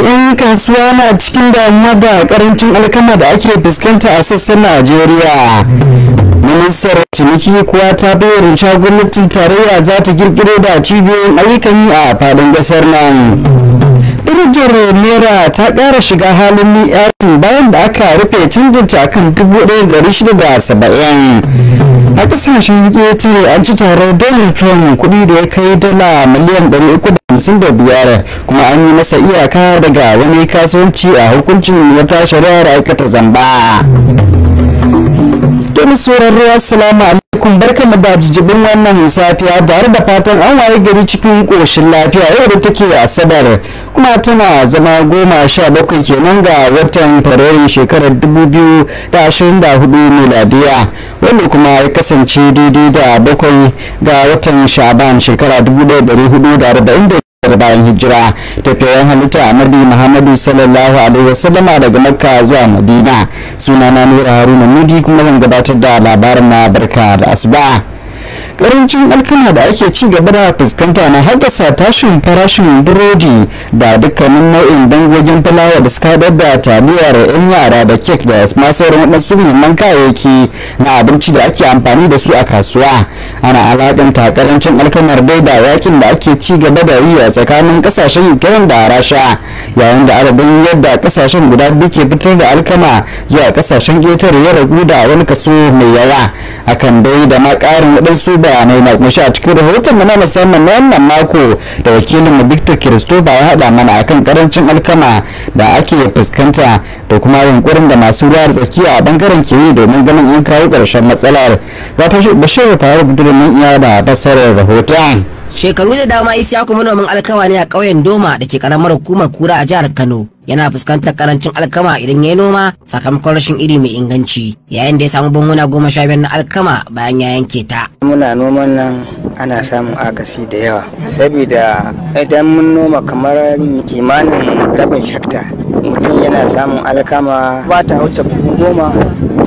da 'yan kasuwa na cikin damuwa da karancin alkama da ake fuskanta a sassan najeriya ministar ciniki kuwa ta bayar da gwamnatin tarayya za ta kirkiro da cibiyoyin ayyukan yi a faɗin gasar nan darajar naira ta ƙara shiga halin niyatu bayan da aka rufe canjinta a kan saba'in. a ƙasashen ƙetare an ci taron donald trump kuɗi da ya kai dala miliyan 300 hamsin da biyar kuma an yi masa iyaka daga wani kasuwanci a hukuncin wata shari'ar aikata zamba. Domin ruwa assalamu alaikum barkamu da jijibin wannan safiya tare da fatan an waye gari cikin ƙoshin lafiya yau da take sadar kuma tana zama goma sha bakwai kenan ga watan fabrairun shekarar dubu biyu da ashirin da hudu miladiya wanda kuma ya kasance daidai da bakwai ga watan sha'ban shekara dubu ɗaya da hudu da arba'in da da bayan hijira tafiyayen halitta annabi muhammadu sallallahu alaihi wasallama daga makka zuwa madina sunana nura haruna mudi kuma zan gabatar da labarin na barka da asuba karancin alkama da ake ci gaba da fuskanta na haddasa tashin farashin burodi da dukkanin nau'in dangogin fulawa da suka haɗar da taliyar yan yara da kek da ma sauran waɗansu muhimman kayayyaki na abinci da ake amfani da su a kasuwa ana alaƙanta karancin alkamar dai da yakin da ake ci gaba da yi a tsakanin ƙasashen ukraine da rasha yayin da adadin yadda ƙasashen guda biyu ke fitar da alkama zuwa ƙasashen ƙetare ya ragu da wani kaso mai yawa akan dai da ma ƙarin waɗansu bayanai na kuma a cikin rahoton mu na musamman na wannan mako da wakilin mu Victor Kiristoba ya haɗa mana akan karancin alkama da ake fuskanta da kuma yunkurin da masu ruwa tsakiya a bangaren ke domin ganin an kawo ƙarshen matsalar. Ga Bashir Faru Budurman iya da basarar rahoton. shekaru da dama kuma manomin alkawa ne a ƙauyen doma da ke karamar hukumar kura a jihar kano yana fuskantar karancin alkama idan ya yi noma sakamakon rashin iri mai inganci yayin da ya samu buhuna goma sha biyar na alkama bayan ya yanke ta. muna noman nan ana samun agasi da yawa saboda idan mun noma kamar kimanin rabin shakta mutum yana samun alkama ba ta wuce buhu goma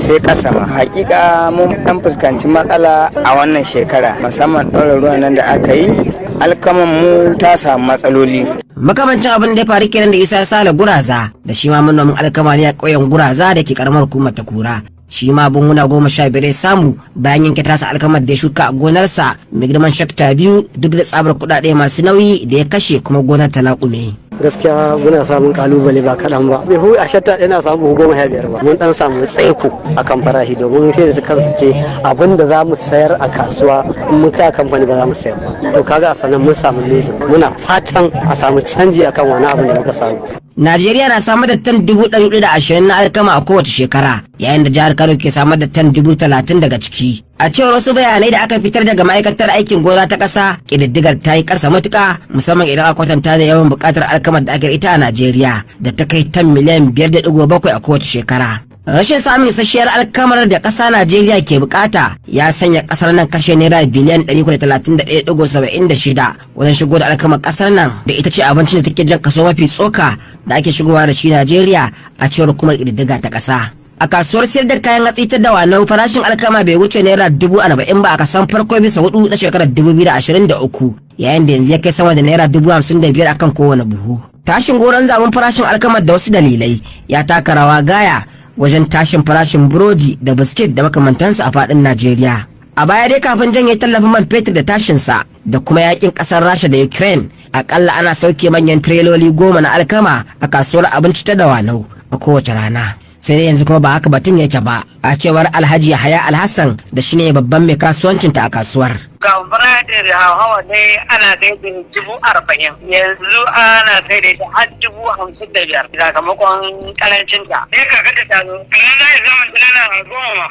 sai kasa ma hakika mun dan fuskanci matsala a wannan shekara musamman ɗaura ruwan nan da aka yi alkaman mu ta samu matsaloli makamancin abin da ya faru kenan da isa sale guraza da shi ma manomin alkama ne a ƙauyen guraza da ke karamar hukumar ta kura shi ma bunguna goma sha biyar ya samu bayan yanke tasa alkamar da ya shuka a gonarsa mai girman shakta biyu duk da tsabar kuɗaɗe masu nauyi da ya kashe kuma gonar ta laƙume. gaskiya muna samun kalubale ba kaɗan ba buhu a shatta yana samu goma ya biyar ba mun dan samu tsaiko a kan farashi domin sai da kansu ce abin da za mu sayar a kasuwa in mun kai kamfani ba za mu sayar ba to kaga a sanan mun samu lusin muna fatan a samu canji akan wani abin da muka samu Najeriya na samar da tan dubu ɗari da ashirin na alkama a kowace shekara yayin da jihar Kano ke samar da tan dubu talatin daga ciki. A cewar wasu bayanai da aka fitar daga ma'aikatar aikin gona ta ƙasa, ƙididdigar ta yi ƙasa matuƙa musamman idan aka kwatanta da yawan buƙatar alkamar da ake ita a Najeriya da ta kai tan miliyan biyar da ɗigo bakwai a kowace shekara. Rashin samun isasshiyar alkamar da ƙasa Najeriya ke buƙata ya sanya ƙasar nan kashe naira biliyan 131.76 wajen shigo da alkamar ƙasar nan da ita ce abincin da take jan kaso mafi tsoka da ake shigowa da shi Najeriya a cewar kuma ƙididdiga ta ƙasa. A kasuwar sayar da kayan hatsi ta dawanau farashin alkama bai wuce naira dubu arba'in ba a kasan farko bisa hudu na shekarar dubu biyu da ashirin da uku yayin da yanzu ya kai sama da naira dubu hamsin da biyar akan kowane buhu. Tashin goron zaben farashin alkama da wasu dalilai ya taka rawa gaya wajen tashin farashin burodi da biskit da makamantansu a faɗin Najeriya. A baya dai kafin janye tallafin man fetur da tashinsa da kuma yakin ƙasar Rasha da Ukraine akalla ana sauke manyan tireloli goma na alkama a kasuwar abinci ta dawanau a kowace rana sai dai yanzu kuma ba haka batun yake ba a cewar alhaji haya alhassan da shine babban mai kasuwancinta a kasuwar gambara da hawa ne ana kai da dubu arba'in yanzu ana kai da har dubu hamsin da biyar sakamakon kalancinta. Ne ka kada ta zo, kana na zaman tana goma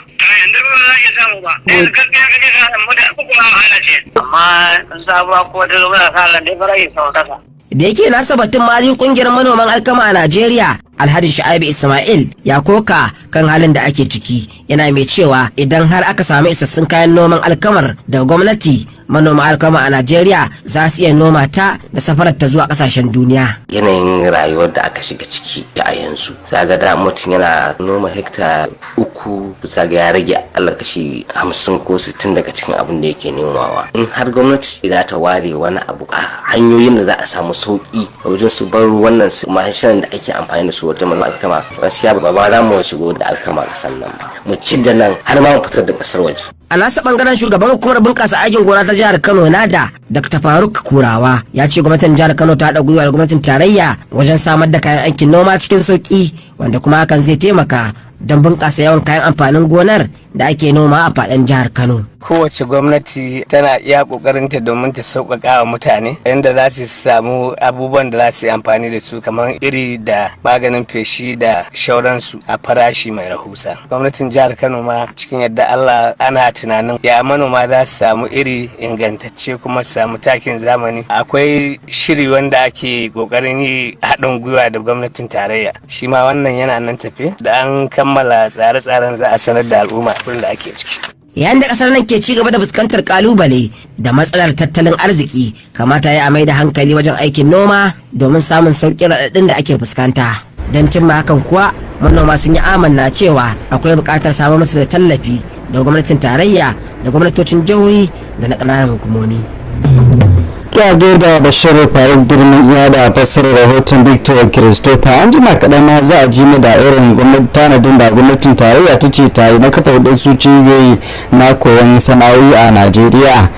da yake nasa batun mali kungiyar manoman alkama a Najeriya Alhaji Shu'aibu Ismail ya koka kan halin da ake ciki yana mai cewa idan har aka samu isassun kayan noman alkamar daga gwamnati manoma alkama a najeriya za su iya noma ta da safarar ta zuwa kasashen duniya yanayin rayuwar da aka shiga ciki a yanzu zaga da mutum yana noma hekta uku zaga ya rage allah kashi hamsin ko sittin daga cikin abin da yake nomawa in har gwamnati za ta ware wani abu a hanyoyin da za a samu sauki a wajen su bar wannan su mashinan da ake amfani da su wajen manoma alkama gaskiya ba ba za mu shigo da alkama kasan nan ba mu ci da nan har ma mu fitar da kasar waje A nasa bangaren shugaban hukumar bunƙasa aikin gona ta jihar Kano Nada Dr. Faruk Kurawa ya ce gwamnatin jihar Kano ta haɗa gwiwa da gwamnatin tarayya wajen samar da kayan aikin noma cikin sauƙi wanda kuma hakan zai taimaka don bunƙasa yawan kayan amfanin gonar da ake noma a faɗin jihar Kano. Kowace gwamnati tana iya ƙoƙarinta domin ta sauƙaƙa wa mutane yadda za su samu abubuwan da za su yi amfani da su kamar iri da maganin feshi da shauransu a farashi mai rahusa. Gwamnatin jihar Kano ma cikin yadda Allah ana tunanin ya manoma za su samu iri ingantacce kuma su samu takin zamani. Akwai shiri wanda ake ƙoƙarin yi haɗin gwiwa da gwamnatin tarayya. Shi ma wannan yana nan tafe da an kammala tsare-tsaren za a sanar da al'umma. halin da ake ciki yayin da kasar nan ke ci gaba da fuskantar ƙalubale da matsalar tattalin arziki kamata ya mai da hankali wajen aikin noma domin samun sauƙin raɗaɗin da ake fuskanta don cimma hakan kuwa manoma sun yi amanna cewa akwai buƙatar samun musu da tallafi da gwamnatin tarayya da gwamnatocin jihohi da na ƙananan hukumomi. ta da bashar faruk girman ya da fassarar rahoton victor christopher an jima kaɗan ma za a ji mu da irin gwamnati tanadin da gwamnatin tarayya ta ce ta yi na kafa su cibiyoyi na koyon sana'o'i a najeriya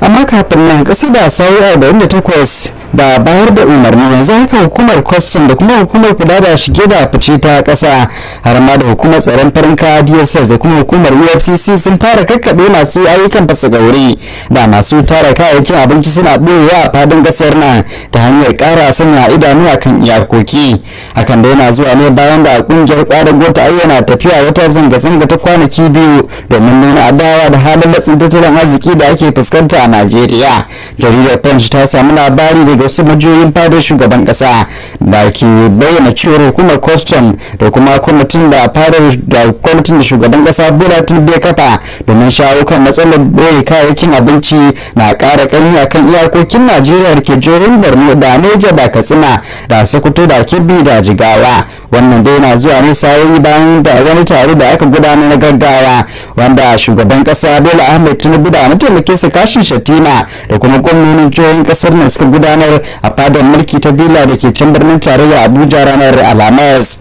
amma kafin nan ƙasa da sa'o'i 48 da bayar da umarni yanzu haka hukumar kwastam da kuma hukumar kula da shige da fice ta kasa har ma da hukumar tsaron farin kaya dss da kuma hukumar ufcc sun fara kakkaɓe masu ayyukan fasagauri da masu tara kayayyakin abinci suna ɓoyewa a fadin gasar na ta hanyar ƙara sanya idanu a kan iyakoki hakan da yana zuwa ne bayan da a ƙungiyar ƙwadago ta ayyana tafiya wata zanga-zanga ta kwanaki biyu domin nuna adawa da halin matsin tattalin arziki da ake fuskanta a najeriya jaridar punch ta samu labari daga wasu majiyoyin fadar shugaban kasa da ke bayyana cewar hukumar kwastam da kuma kwamitin da fadar da kwamitin da shugaban kasa bola tun ya kafa domin shawo kan matsalar boye kayayyakin abinci na ƙara a kan iyakokin najeriya da ke jihohin borno da neja da katsina da sokoto da kebbi da jigawa wannan dai na zuwa ne sa'o'i bayan da wani tare da aka gudana na gaggawa wanda shugaban kasa bola ahmed tinubu da mataimakinsa kashin shatima da kuma gwamnonin jihohin kasar nan suka gudanar ranar a fadar mulki ta bila da ke can birnin tarayya abuja ranar alhamis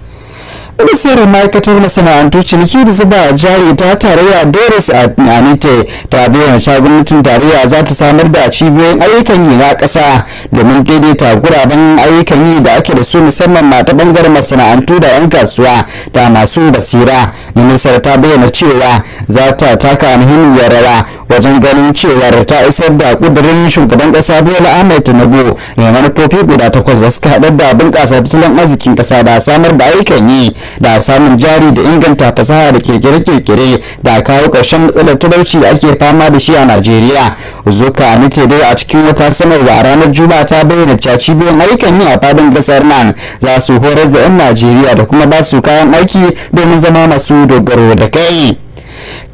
Ministan ma'aikatar masana'antu ciniki da zuba jari ta tarayya Doris Anite ta biyan cewa gwamnatin tarayya za ta samar da cibiyoyin ayyukan yi na ƙasa domin daidaita guraben ayyukan yi da ake da su musamman mata bangaren masana'antu da 'yan kasuwa da masu basira. Ministar ta bayyana cewa za ta taka muhimmiyar rawa wajen ganin cewa ta isar da kudirin shugaban kasa bola ahmed tinubu ne manufofi guda takwas da suka haɗar da bunƙasa tattalin arzikin ƙasa da samar da ayyukan yi da samun jari da inganta fasaha da kirkire-kirkire da kawo ƙarshen matsalar talauci da ake fama da shi a najeriya zuka nite dai a cikin wata sanarwa a ranar juma'a ta bayyana caci biyan ayyukan yi a fadin gasar nan za su horar da 'yan najeriya da kuma ba su kayan aiki domin zama masu dogaro da kai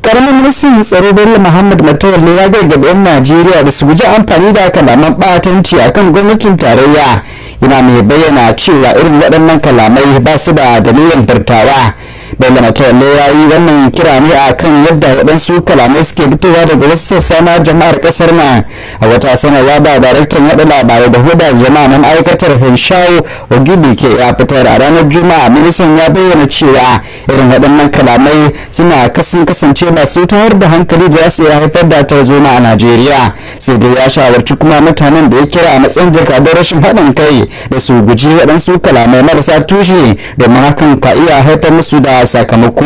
karamin ministan tsaro bello muhammad matawal ne ya gargaɗi 'yan najeriya da su guji amfani da kalaman ɓatanci akan gwamnatin tarayya yana mai bayyana cewa irin waɗannan kalamai ba su da dalilin furtawa bayyana tawale ya yi wannan kira ne a kan yadda waɗansu kalamai suke fitowa daga wasu sassa na jama'ar ƙasar na a wata sanarwa da daraktan yaɗa labarai da huda jama'a nan aikatar hinshawo ogidi ke ya fitar a ranar juma'a ministan ya bayyana cewa irin waɗannan kalamai suna kasan kasance masu tayar da hankali da su ya haifar da tarzoma a najeriya sai dai ya shawarci kuma mutanen da ya kira a matsayin jakadar rashin haɗin kai da su guji waɗansu kalamai marasa tushe domin hakan ka iya haifar musu da a sakamako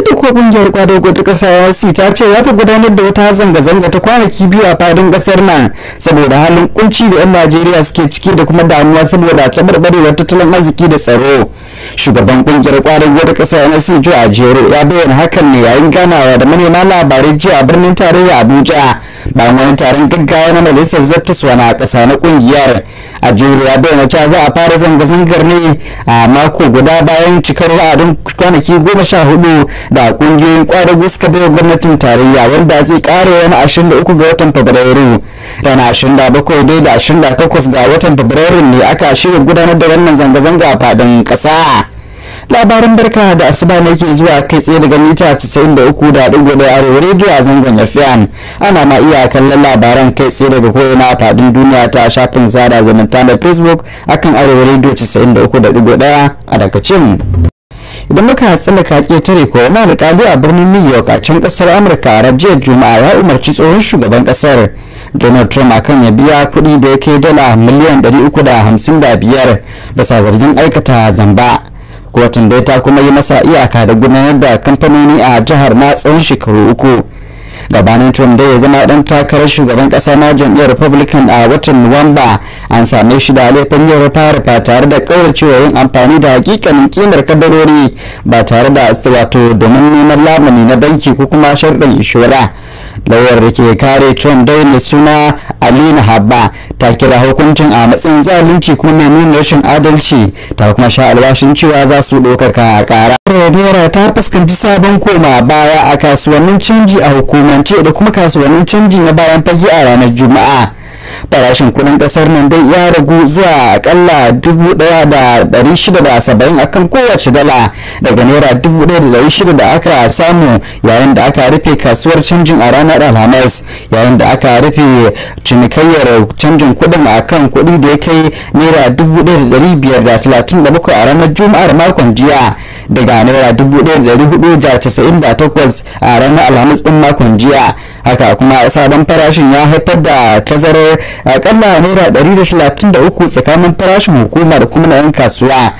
ita kuwa kungiyar kwadago ta kasa si ta ce za ta gudanar da wata zanga-zanga ta kwanaki biyu a fadin kasar nan saboda halin kunci da 'yan najeriya suke ciki da kuma damuwa saboda tabarbarewar tattalin arziki da tsaro shugaban kungiyar kwadago ta kasa nasi jo jero ya bayyana hakan ne yayin ganawa da manema labarai jiya a birnin tarayya abuja bayan wani taron gaggawa na majalisar zartaswa na kasa na kungiyar a juriya na cewa za a fara zanga-zangar ne a mako guda bayan cikar wa'adin kwanaki goma sha hudu da kungiyoyin kwadago suka bai gwamnatin tarayya wanda zai kare wani ashirin da uku ga watan fabrairu ranar ashirin da bakwai dai da ashirin da takwas ga watan fabrairu ne aka shirya gudanar da wannan zanga-zanga a faɗin ƙasa. labaran barka da asuba ne ke zuwa kai tsaye daga mita 93.1 arewa rediyo a zangon fm ana ma iya kallon labaran kai tsaye daga ko'ina a fadin duniya ta shafin sada zumunta da facebook akan arewa rediyo 93.1 a daga cin idan muka ka tare ko yana alƙali a birnin new york a can kasar amurka a jiya juma'a ya umarci tsohon shugaban kasar donald trump akan ya biya kuɗi da ya kai dala miliyan 355 basa zargin aikata zamba kotun dai ta kuma yi masa iyaka da gudanar da kamfanoni a jihar na tsawon shekaru uku gabanin trump dai ya zama dan takarar shugaban kasa na jam'iyyar republican a watan nuwamba an same shi da laifin yin rufa ba tare da kauracewa yin amfani da hakikanin kimar kadarori ba tare da wato domin neman lamuni na banki ko kuma sharɗin inshora lauyar da ke kare trump dai mai suna alina habba ta kira hukuncin a matsayin zalunci kuma mai nuna rashin adalci ta kuma sha albashin cewa za su ɗaukaka a ƙara Rodera ta fuskanci sabon koma baya a kasuwannin canji a hukumance da kuma kasuwannin canji na bayan fage a ranar juma'a farashin kudin kasar nan dai ya ragu zuwa akalla dubu daya da dari shida da saba'in akan kowace dala daga naira dubu daya da dari shida da aka samu yayin da aka rufe kasuwar canjin a ranar alhamis yayin da aka rufe cinikayyar canjin kudin akan kudi da ya kai naira dubu daya da dari biyar da talatin da bakwai a ranar juma'ar makon jiya daga naira dubu daya da dari hudu da casa'in da takwas a ranar alhamis din makon jiya haka kuma sabon farashin ya haifar da tazarar akalla naira 133 tsakanin farashin hukumar kuma na 'yan kasuwa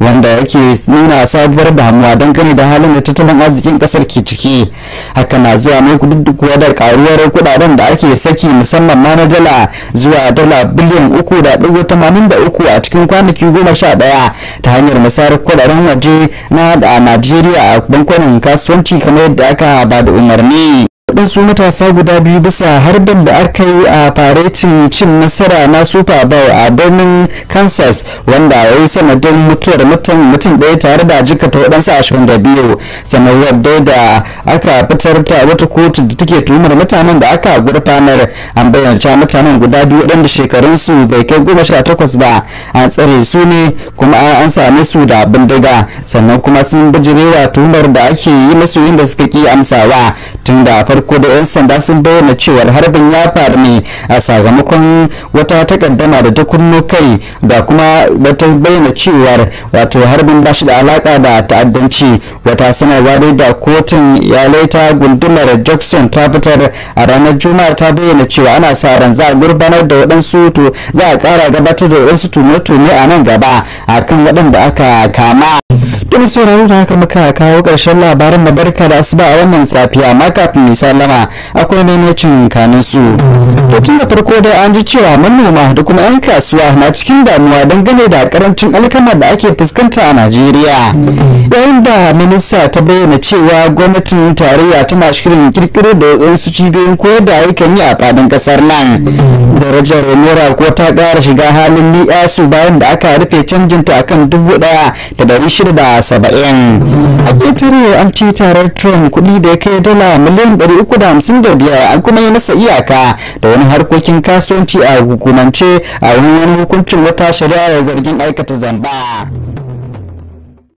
wanda yake nuna sabuwar damuwa gani da halin da tattalin arzikin kasar ke ciki haka na zuwa ne kududdukuwa da karuwar kudaden da ake saki musamman ma na dala zuwa dala biliyan uku da dubu tamanin da uku a cikin kwanaki goma sha daya ta hanyar masarar kudaden waje na da najeriya a bankunan kasuwanci kamar yadda aka ba da umarni su matasa guda biyu bisa harbin da aka yi a faretin cin nasara na super bowl a birnin kansas wanda ya yi sanadin mutuwar mutum ɗaya tare da jikata waɗansu ashirin da biyu sanarwar dai da aka fitar ta wata kotu da take tumar mutanen da aka gurfanar an bayyana mutanen guda biyu waɗanda shekarunsu bai kai goma sha takwas ba an tsare su ne kuma an same su da bindiga sannan kuma sun bijirewa tumar da ake yi masu da suka ki amsawa tun da farko da 'yan sanda sun bayyana cewar harbin ya faru ne a sakamakon wata takaddama da ta kunno kai da kuma wata bayyana cewar wato harbin ba shi da alaka da ta'addanci wata sanarwa dai da kotun ya ta gundumar jackson ta fitar a ranar juma'a ta bayyana cewa ana sa ran za a gurbanar da waɗansu to za a ƙara gabatar da waɗansu tume-tume a nan gaba a kan waɗanda aka kama. Duk sauraro da haka muka kawo ƙarshen labarin mabarka da asuba a wannan safiya kafin mai salama akwai maimacin kanin su to tun da farko dai an ji cewa manoma da kuma 'yan kasuwa na cikin damuwa dangane da karancin alkama da ake fuskanta a najeriya yayin da minista ta bayyana cewa gwamnatin tarayya tana shirin kirkiro da wasu cibiyoyin koyar da ayyukan yi a fadin kasar nan darajar naira ko ta ƙara shiga halin liya su bayan da aka rufe canjinta akan dubu daya da dari shida da saba'in a ƙetare an ci tarar trump kuɗi da ya kai dala miliyan 355 an kuma yi masa iyaka da wani harkokin kasuwanci a hukumance a wani hukuncin wata shari'a zargin aikata zamba.